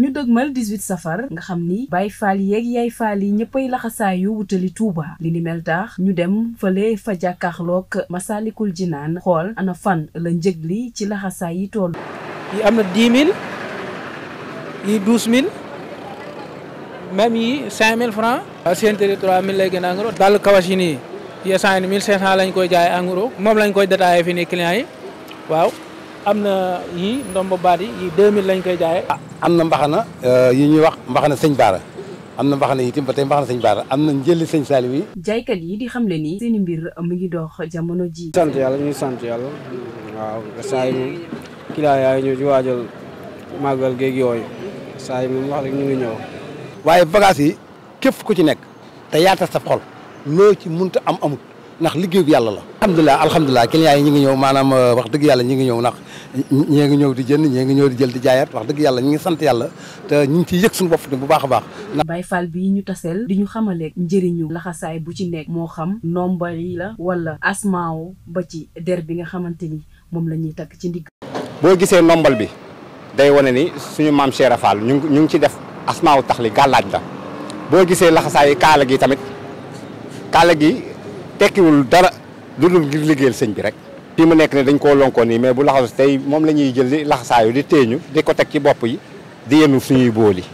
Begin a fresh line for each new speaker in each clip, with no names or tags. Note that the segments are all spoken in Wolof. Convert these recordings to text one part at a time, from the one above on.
ñu dëgmal 18 safar nga xam ni baay faal yeeg yaay faal yi ñëppay laxasaayu wutali Touba li ni mel ñu dem fële fa jàkkaarloog Masaalikul Jinaan xool ana fan la njëg li ci laxasaay yi toll. yi am na 10 yi 12 000 yi 5 francs.
seen 3000 lay gën a ngelaw. dàll kawas yi nii. yesaan yi 1500 lañ koy jaay en gros moom koy détaillé fii nii client yi waaw am na yii ndombo baat yi yii 2000 lañ koy jaayee. Ah, am na mbaxana euh, yi ñuy wax mbaxana sëñ Baara am na mbaxana yi itam ba tey mbaxana Baara am na njëlli sëñ Saliou yi.
jaaykat yi di xam le ni. seen mbir mu ngi dox jamono ji sant yàlla ñuy sant yàlla waaw saa yi moom client yaa ngi ñëw waajal
màggal géeg yooyu saa yi moom wax ñu ngi ñëw. waaye bagages yi képp ku ci nekk te yaatal sa xol. loo ci munta am amut ndax liggéey yàlla la alhamdulilah alhamdulilah clients yi ñi ngi ñëw maanaam euh, wax dëgg yàlla ñi ngi ñëw ndax ñee ngi ñëw di jënd ñee ngi ñëw di jël di jaayaat wax dëgg yàlla ñi ngi sant yàlla te ñu ngi ciy yëg suñu bopp bu baax a baax
Baye Fall bii ñu taseel di ñu xamaleek njëriñu laxasaay bu ci nekk moo xam nombre la wala asmaaw ba ci der bi nga xamante ni moom la ñuy takk ci ndigg
boo gisee nombal bi day wane ni suñu maam Cheikh Fall ñu ngi ñu ngi ci def asmaaw tax li gàllaaj la boo gisee laxasaay kaala gi tamit kaala gi tekkiwul dara lu dul ngir liggéeyal sëñ bi rek. fii mu nekk ne dañ koo lonkoon nii mais bu laxasu tey moom la ñuy jël di laxasaayu di teeñu di ko teg ci bopp yi di yenu suñuy booli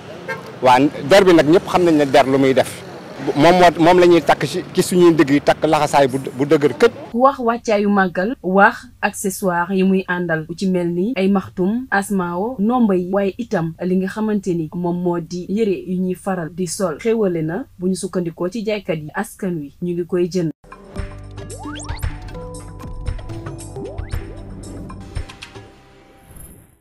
waa der bi nag ñëpp xam nañ ne der lu muy def. moom moom la ñuy takk ci ci suñuy dëgg yi takk laxasaay bu bu dëgër këj.
wax wàccaayu màggal wax accessoire yi muy àndal bu ci mel ni ay maxtum asmao nomba yi waaye itam li nga xamante ni moom moo di yëre yi ñuy faral di sol xéwale na bu ñu sukkandikoo ci jaaykat yi askan wi ñu ngi koy jënd.